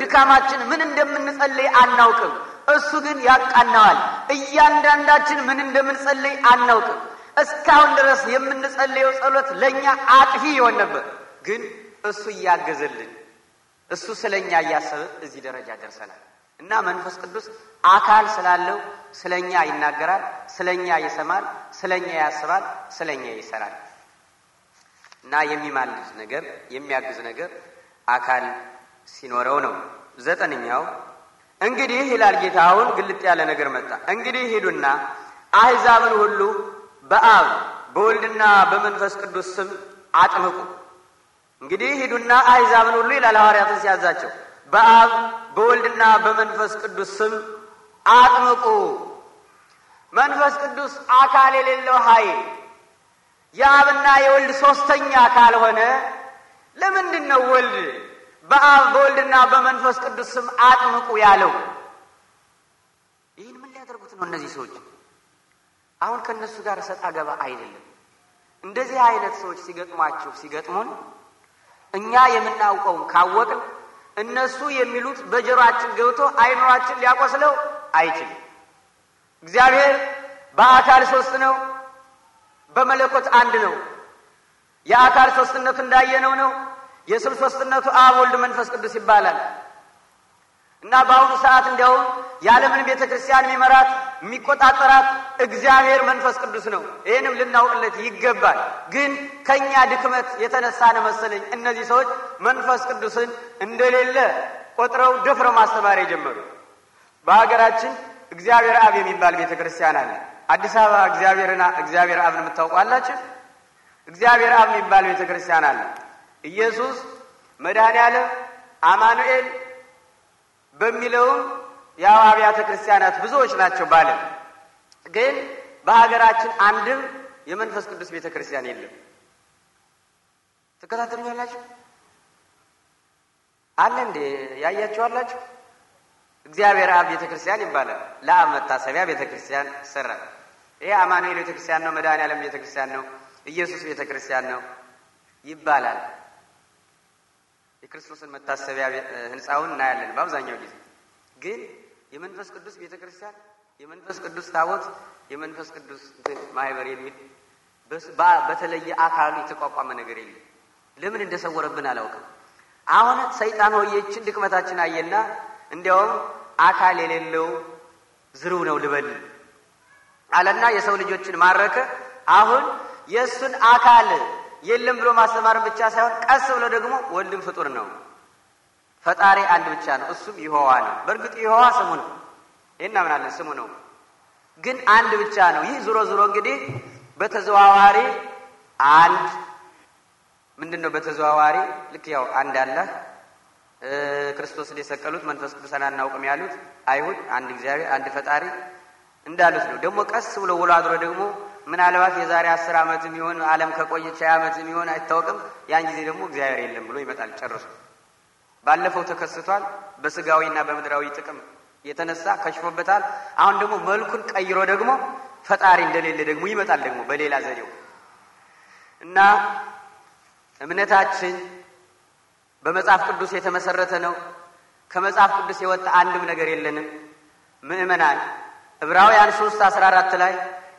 ድካማችን ምን እንደምንጸልይ አናውቅም፣ እሱ ግን ያቃናዋል። እያንዳንዳችን ምን እንደምንጸልይ አናውቅም። እስካሁን ድረስ የምንጸልየው ጸሎት ለእኛ አጥፊ ይሆን ነበር። ግን እሱ እያገዘልን፣ እሱ ስለ እኛ እያሰበ እዚህ ደረጃ ደርሰናል እና መንፈስ ቅዱስ አካል ስላለው ስለ እኛ ይናገራል፣ ስለ እኛ ይሰማል፣ ስለ እኛ ያስባል፣ ስለ እኛ ይሰራል እና የሚማልድ ነገር የሚያግዝ ነገር አካል ሲኖረው ነው። ዘጠነኛው እንግዲህ ይላል ጌታ። አሁን ግልጥ ያለ ነገር መጣ። እንግዲህ ሂዱና አሕዛብን ሁሉ በአብ በወልድና በመንፈስ ቅዱስ ስም አጥምቁ። እንግዲህ ሂዱና አሕዛብን ሁሉ ይላል ሐዋርያትን ሲያዛቸው፣ በአብ በወልድና በመንፈስ ቅዱስ ስም አጥምቁ። መንፈስ ቅዱስ አካል የሌለው ኃይል የአብና የወልድ ሶስተኛ ካልሆነ ለምንድን ነው ወልድ በአብ በወልድና በመንፈስ ቅዱስ ስም አጥምቁ ያለው? ይህን ምን ሊያደርጉት ነው እነዚህ ሰዎች? አሁን ከእነሱ ጋር እሰጥ አገባ አይደለም። እንደዚህ አይነት ሰዎች ሲገጥሟችሁ ሲገጥሙን እኛ የምናውቀውን ካወቅን እነሱ የሚሉት በጆሯችን ገብቶ አይኖራችን ሊያቆስለው አይችልም። እግዚአብሔር በአካል ሶስት ነው፣ በመለኮት አንድ ነው። የአካል ሶስትነቱ እንዳየነው ነው። የስም ሶስትነቱ አብ፣ ወልድ፣ መንፈስ ቅዱስ ይባላል። እና በአሁኑ ሰዓት እንዲያውም የዓለምን ቤተ ክርስቲያን የሚመራት የሚቆጣጠራት እግዚአብሔር መንፈስ ቅዱስ ነው። ይህንም ልናውቅለት ይገባል። ግን ከእኛ ድክመት የተነሳ ነው መሰለኝ እነዚህ ሰዎች መንፈስ ቅዱስን እንደሌለ ቆጥረው ደፍረው ማስተማር የጀመሩ። በሀገራችን እግዚአብሔር አብ የሚባል ቤተ ክርስቲያን አለ። አዲስ አበባ እግዚአብሔርና እግዚአብሔር አብን የምታውቋላችሁ? እግዚአብሔር አብ የሚባል ቤተ ክርስቲያን አለ። ኢየሱስ መድኃኔ ያለ አማኑኤል በሚለውም ያው አብያተ ክርስቲያናት ብዙዎች ናቸው ባለ ግን በሀገራችን አንድም የመንፈስ ቅዱስ ቤተ ክርስቲያን የለም። ትከታተሉኛላችሁ? አለ እንዴ? ያያችኋላችሁ? እግዚአብሔር አብ ቤተ ክርስቲያን ይባላል። ለአብ መታሰቢያ ቤተ ክርስቲያን ይሰራል። ይሄ አማኑኤል ቤተ ክርስቲያን ነው፣ መድኃኔ ቤተ ክርስቲያን ነው፣ ኢየሱስ ቤተ ክርስቲያን ነው ይባላል። የክርስቶስን መታሰቢያ ህንፃውን እናያለን። በአብዛኛው ጊዜ ግን የመንፈስ ቅዱስ ቤተ ክርስቲያን፣ የመንፈስ ቅዱስ ታቦት፣ የመንፈስ ቅዱስ ማህበር የሚል በተለየ አካሉ የተቋቋመ ነገር የለም። ለምን እንደሰወረብን አላውቅም። አሁን ሰይጣን ሆየችን ድክመታችን አየና እንዲያውም አካል የሌለው ዝርው ነው ልበል አለና የሰው ልጆችን ማረከ። አሁን የእሱን አካል የለም ብሎ ማስተማርን ብቻ ሳይሆን ቀስ ብሎ ደግሞ ወልድም ፍጡር ነው፣ ፈጣሪ አንድ ብቻ ነው፣ እሱም ይሆዋ ነው። በእርግጥ ይሆዋ ስሙ ነው፣ ይህን እናምናለን፣ ስሙ ነው፣ ግን አንድ ብቻ ነው። ይህ ዞሮ ዞሮ እንግዲህ በተዘዋዋሪ አንድ ምንድን ነው? በተዘዋዋሪ ልክ ያው አንድ አለ ክርስቶስ የሰቀሉት መንፈስ ቅዱሳን አናውቅም ያሉት አይሁድ አንድ እግዚአብሔር አንድ ፈጣሪ እንዳሉት ነው። ደግሞ ቀስ ብሎ ውሎ አድሮ ደግሞ ምናልባት የዛሬ አስር ዓመትም የሚሆን ዓለም ከቆየች ሀያ ዓመት የሚሆን አይታወቅም። ያን ጊዜ ደግሞ እግዚአብሔር የለም ብሎ ይመጣል ጨርሶ። ባለፈው ተከስቷል። በስጋዊና በምድራዊ ጥቅም የተነሳ ከሽፎበታል። አሁን ደግሞ መልኩን ቀይሮ ደግሞ ፈጣሪ እንደሌለ ደግሞ ይመጣል ደግሞ በሌላ ዘዴው እና እምነታችን በመጽሐፍ ቅዱስ የተመሰረተ ነው። ከመጽሐፍ ቅዱስ የወጣ አንድም ነገር የለንም። ምእመናን ዕብራውያን ሶስት አስራ አራት ላይ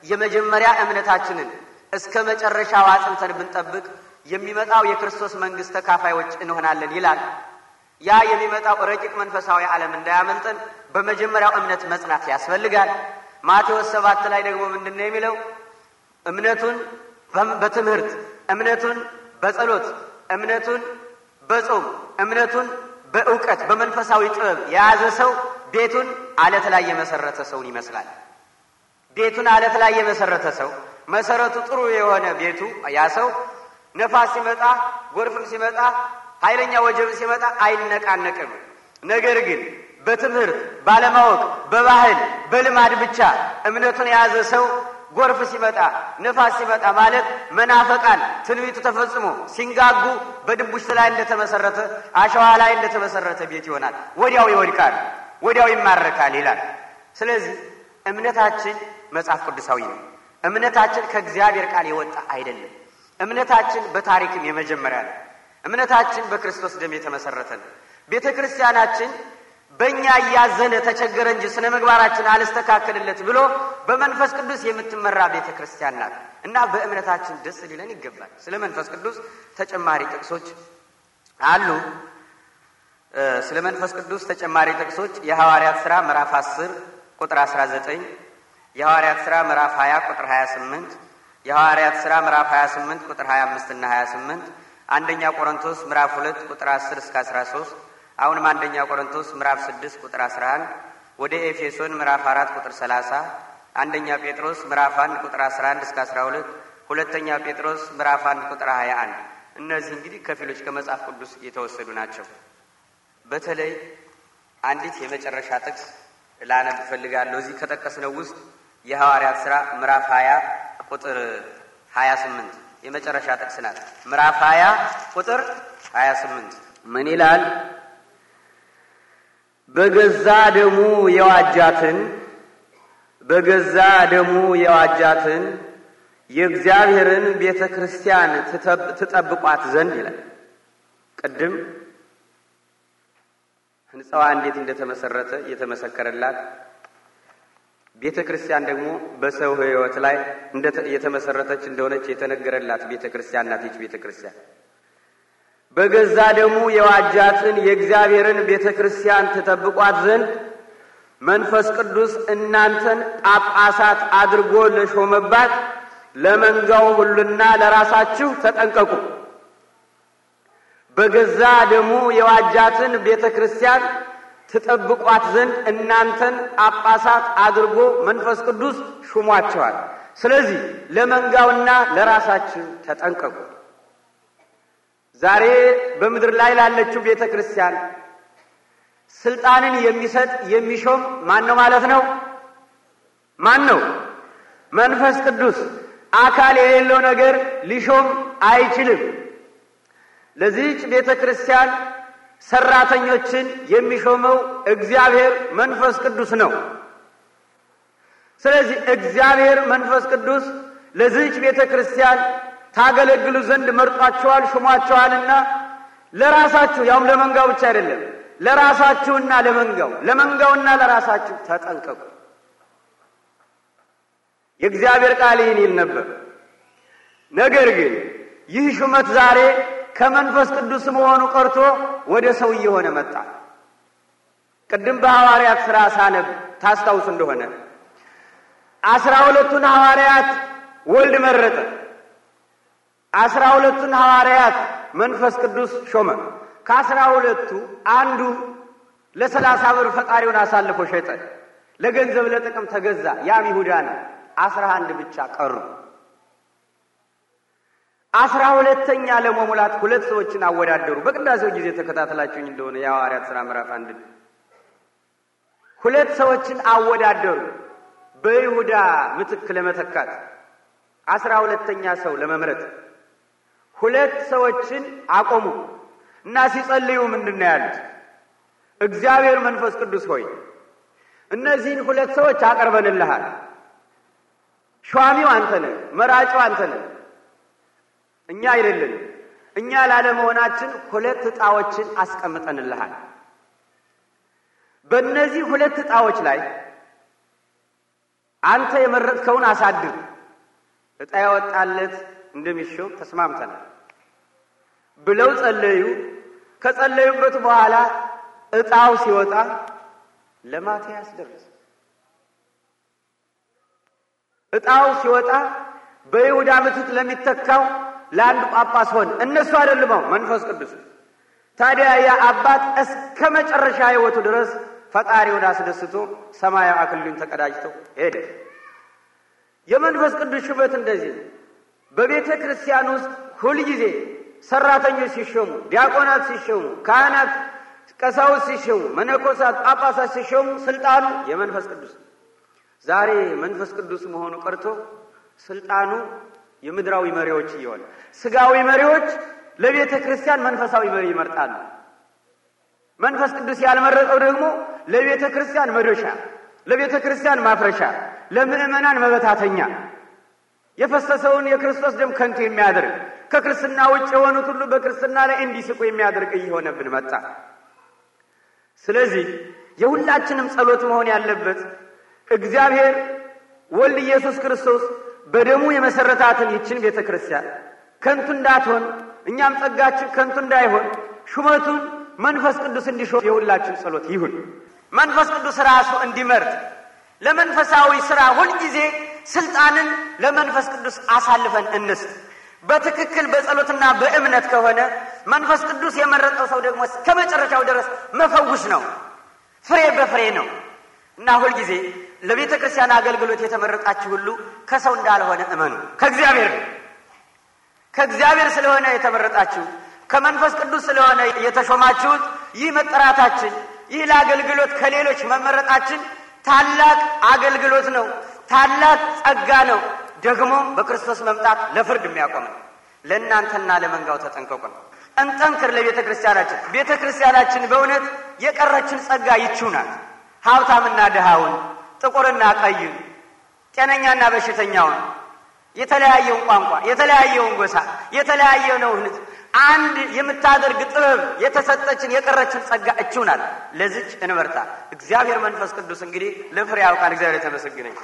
የመጀመሪያ እምነታችንን እስከ መጨረሻው አጽንተን ብንጠብቅ የሚመጣው የክርስቶስ መንግሥት ተካፋዮች እንሆናለን ይላል። ያ የሚመጣው ረቂቅ መንፈሳዊ ዓለም እንዳያመልጠን በመጀመሪያው እምነት መጽናት ያስፈልጋል። ማቴዎስ ሰባት ላይ ደግሞ ምንድን ነው የሚለው? እምነቱን በትምህርት እምነቱን በጸሎት እምነቱን በጾም እምነቱን በእውቀት በመንፈሳዊ ጥበብ የያዘ ሰው ቤቱን አለት ላይ የመሰረተ ሰውን ይመስላል። ቤቱን አለት ላይ የመሰረተ ሰው መሰረቱ ጥሩ የሆነ ቤቱ ያ ሰው ነፋስ ሲመጣ፣ ጎርፍም ሲመጣ፣ ኃይለኛ ወጀብም ሲመጣ አይነቃነቅም። ነገር ግን በትምህርት ባለማወቅ፣ በባህል በልማድ ብቻ እምነቱን የያዘ ሰው ጎርፍ ሲመጣ ነፋስ ሲመጣ ማለት መናፈቃን ትንቢቱ ተፈጽሞ ሲንጋጉ በድቡሽት ላይ እንደተመሰረተ አሸዋ ላይ እንደተመሰረተ ቤት ይሆናል። ወዲያው ይወድቃል፣ ወዲያው ይማረካል ይላል። ስለዚህ እምነታችን መጽሐፍ ቅዱሳዊ ነው። እምነታችን ከእግዚአብሔር ቃል የወጣ አይደለም። እምነታችን በታሪክም የመጀመሪያ ነው። እምነታችን በክርስቶስ ደም የተመሰረተ ነው። ቤተ ክርስቲያናችን በእኛ እያዘነ ተቸገረ እንጂ ስነ ምግባራችን አልስተካከልለት ብሎ በመንፈስ ቅዱስ የምትመራ ቤተ ክርስቲያን ናት እና በእምነታችን ደስ ሊለን ይገባል። ስለ መንፈስ ቅዱስ ተጨማሪ ጥቅሶች አሉ። ስለ መንፈስ ቅዱስ ተጨማሪ ጥቅሶች የሐዋርያት ሥራ ምዕራፍ 10 ቁጥር 19 የሐዋርያት ሥራ ምዕራፍ 20 ቁጥር 28፣ የሐዋርያት ሥራ ምዕራፍ 28 ቁጥር 25 እና 28፣ አንደኛ ቆሮንቶስ ምዕራፍ 2 ቁጥር 10 እስከ 13፣ አሁንም አንደኛ ቆሮንቶስ ምዕራፍ 6 ቁጥር 11፣ ወደ ኤፌሶን ምዕራፍ 4 ቁጥር 30፣ አንደኛ ጴጥሮስ ምዕራፍ 1 ቁጥር 11 እስከ 12፣ ሁለተኛ ጴጥሮስ ምዕራፍ 1 ቁጥር 21። እነዚህ እንግዲህ ከፊሎች ከመጽሐፍ ቅዱስ የተወሰዱ ናቸው። በተለይ አንዲት የመጨረሻ ጥቅስ ላነብ እፈልጋለሁ። እዚህ ከጠቀስነው ውስጥ የሐዋርያት ሥራ ምዕራፍ 20 ቁጥር 28 የመጨረሻ ጥቅስ ናት። ምዕራፍ 20 ቁጥር 28 ምን ይላል? በገዛ ደሙ የዋጃትን በገዛ ደሙ የዋጃትን የእግዚአብሔርን ቤተ ክርስቲያን ትጠብቋት ዘንድ ይላል። ቅድም ህንፃዋ እንዴት እንደተመሰረተ እየተመሰከረላት ቤተ ክርስቲያን ደግሞ በሰው ሕይወት ላይ የተመሰረተች እንደሆነች የተነገረላት ቤተ ክርስቲያን ናት። ይች ቤተ ክርስቲያን በገዛ ደግሞ የዋጃትን የእግዚአብሔርን ቤተ ክርስቲያን ትጠብቋት ዘንድ መንፈስ ቅዱስ እናንተን ጳጳሳት አድርጎ ለሾመባት ለመንጋው ሁሉና ለራሳችሁ ተጠንቀቁ። በገዛ ደሙ የዋጃትን ቤተ ክርስቲያን ትጠብቋት ዘንድ እናንተን ጳጳሳት አድርጎ መንፈስ ቅዱስ ሹሟቸዋል። ስለዚህ ለመንጋውና ለራሳችን ተጠንቀቁ። ዛሬ በምድር ላይ ላለችው ቤተ ክርስቲያን ስልጣንን የሚሰጥ የሚሾም ማን ነው ማለት ነው? ማን ነው? መንፈስ ቅዱስ አካል የሌለው ነገር ሊሾም አይችልም። ለዚህች ቤተ ክርስቲያን ሰራተኞችን የሚሾመው እግዚአብሔር መንፈስ ቅዱስ ነው። ስለዚህ እግዚአብሔር መንፈስ ቅዱስ ለዚህች ቤተ ክርስቲያን ታገለግሉ ዘንድ መርጧቸዋል፣ ሹሟቸዋልና ለራሳችሁ ያውም ለመንጋው ብቻ አይደለም፣ ለራሳችሁና ለመንጋው ለመንጋውና ለራሳችሁ ተጠንቀቁ። የእግዚአብሔር ቃል ይህን ይል ነበር። ነገር ግን ይህ ሹመት ዛሬ ከመንፈስ ቅዱስ መሆኑ ቀርቶ ወደ ሰው እየሆነ መጣ። ቅድም በሐዋርያት ሥራ ሳነብ ታስታውሱ እንደሆነ አስራ ሁለቱን ሐዋርያት ወልድ መረጠ። አስራ ሁለቱን ሐዋርያት መንፈስ ቅዱስ ሾመ። ከአስራ ሁለቱ አንዱ ለሰላሳ ብር ፈጣሪውን አሳልፎ ሸጠ። ለገንዘብ ለጥቅም ተገዛ። ያም ይሁዳ ነው። አስራ አንድ ብቻ ቀሩ። አስራ ሁለተኛ ለመሙላት ሁለት ሰዎችን አወዳደሩ። በቅዳሴው ጊዜ ተከታተላችሁኝ እንደሆነ የሐዋርያት ሥራ ምዕራፍ አንድ ሁለት ሰዎችን አወዳደሩ በይሁዳ ምትክ ለመተካት አስራ ሁለተኛ ሰው ለመምረጥ ሁለት ሰዎችን አቆሙ እና ሲጸልዩ ምንድን ነው ያሉት? እግዚአብሔር መንፈስ ቅዱስ ሆይ እነዚህን ሁለት ሰዎች አቀርበንልሃል። ሿሚው አንተ ነህ፣ መራጩ አንተ ነህ። እኛ አይደለንም። እኛ ላለመሆናችን ሁለት እጣዎችን አስቀምጠንልሃል። በእነዚህ ሁለት እጣዎች ላይ አንተ የመረጥከውን አሳድር። እጣ ያወጣለት እንደሚሾም ተስማምተናል ብለው ጸለዩ። ከጸለዩበት በኋላ እጣው ሲወጣ ለማትያስ ደረሰ። እጣው ሲወጣ በይሁዳ ምትት ለሚተካው ለአንድ ጳጳስ ሆን እነሱ አይደልመው መንፈስ ቅዱስ። ታዲያ ያ አባት እስከ መጨረሻ ሕይወቱ ድረስ ፈጣሪውን አስደስቶ ሰማያዊ አክሊሉን ተቀዳጅቶ ሄደ። የመንፈስ ቅዱስ ሹመት እንደዚህ በቤተ ክርስቲያን ውስጥ ሁልጊዜ ሰራተኞች ሲሾሙ፣ ዲያቆናት ሲሾሙ፣ ካህናት፣ ቀሳውስ ሲሾሙ፣ መነኮሳት፣ ጳጳሳት ሲሾሙ ስልጣኑ የመንፈስ ቅዱስ ዛሬ መንፈስ ቅዱስ መሆኑ ቀርቶ ስልጣኑ የምድራዊ መሪዎች እየሆነ ስጋዊ መሪዎች ለቤተ ክርስቲያን መንፈሳዊ መሪ ይመርጣሉ። መንፈስ ቅዱስ ያልመረጠው ደግሞ ለቤተ ክርስቲያን መዶሻ፣ ለቤተ ክርስቲያን ማፍረሻ፣ ለምእመናን መበታተኛ የፈሰሰውን የክርስቶስ ደም ከንቱ የሚያደርግ ከክርስትና ውጭ የሆኑት ሁሉ በክርስትና ላይ እንዲስቁ የሚያደርግ እየሆነብን መጣ። ስለዚህ የሁላችንም ጸሎት መሆን ያለበት እግዚአብሔር ወልድ ኢየሱስ ክርስቶስ በደሙ የመሰረታትን ይችን ቤተ ክርስቲያን ከንቱ እንዳትሆን እኛም ጸጋችን ከንቱ እንዳይሆን ሹመቱን መንፈስ ቅዱስ እንዲሾም የሁላችን ጸሎት ይሁን። መንፈስ ቅዱስ ራሱ እንዲመርጥ ለመንፈሳዊ ስራ ሁልጊዜ ስልጣንን ለመንፈስ ቅዱስ አሳልፈን እንስጥ። በትክክል በጸሎትና በእምነት ከሆነ መንፈስ ቅዱስ የመረጠው ሰው ደግሞ እስከ መጨረሻው ድረስ መፈውስ ነው፣ ፍሬ በፍሬ ነው እና ሁልጊዜ ለቤተ ክርስቲያን አገልግሎት የተመረጣችሁ ሁሉ ከሰው እንዳልሆነ እመኑ። ከእግዚአብሔር ከእግዚአብሔር ስለሆነ የተመረጣችሁ ከመንፈስ ቅዱስ ስለሆነ የተሾማችሁት። ይህ መጠራታችን፣ ይህ ለአገልግሎት ከሌሎች መመረጣችን ታላቅ አገልግሎት ነው። ታላቅ ጸጋ ነው። ደግሞም በክርስቶስ መምጣት ለፍርድ የሚያቆም ነው። ለእናንተና ለመንጋው ተጠንቀቁ ነው። እንጠንክር ለቤተ ክርስቲያናችን። ቤተ ክርስቲያናችን በእውነት የቀረችን ጸጋ ይችው ሀብታምና ድሃውን ጥቁርና ቀይን፣ ጤነኛና በሽተኛውን፣ የተለያየውን ቋንቋ፣ የተለያየውን ጎሳ፣ የተለያየውን ሕዝብ አንድ የምታደርግ ጥበብ የተሰጠችን የቀረችን ጸጋ እችውናል። ለዚች እንበርታ። እግዚአብሔር መንፈስ ቅዱስ እንግዲህ ለፍሬ ያውቃል። እግዚአብሔር የተመሰግነኝ